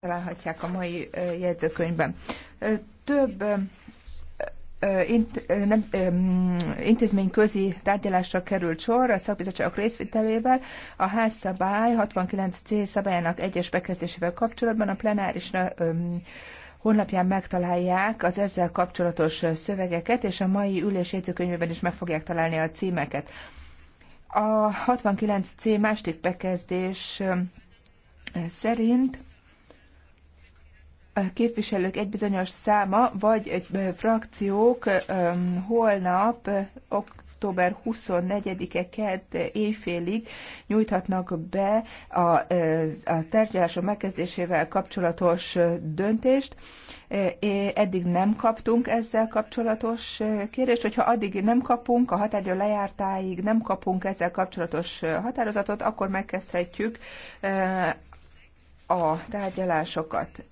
találhatják a mai jegyzőkönyvben. Több intézmény intézményközi tárgyalásra került sor a szakbizottságok részvételével a házszabály 69C szabályának egyes bekezdésével kapcsolatban a plenáris honlapján megtalálják az ezzel kapcsolatos szövegeket, és a mai ülés jegyzőkönyvében is meg fogják találni a címeket. A 69C második bekezdés szerint képviselők egy bizonyos száma, vagy egy frakciók holnap október 24-e kedd éjfélig nyújthatnak be a, a tárgyalások megkezdésével kapcsolatos döntést. Eddig nem kaptunk ezzel kapcsolatos kérést, hogyha addig nem kapunk, a határidő lejártáig nem kapunk ezzel kapcsolatos határozatot, akkor megkezdhetjük a tárgyalásokat.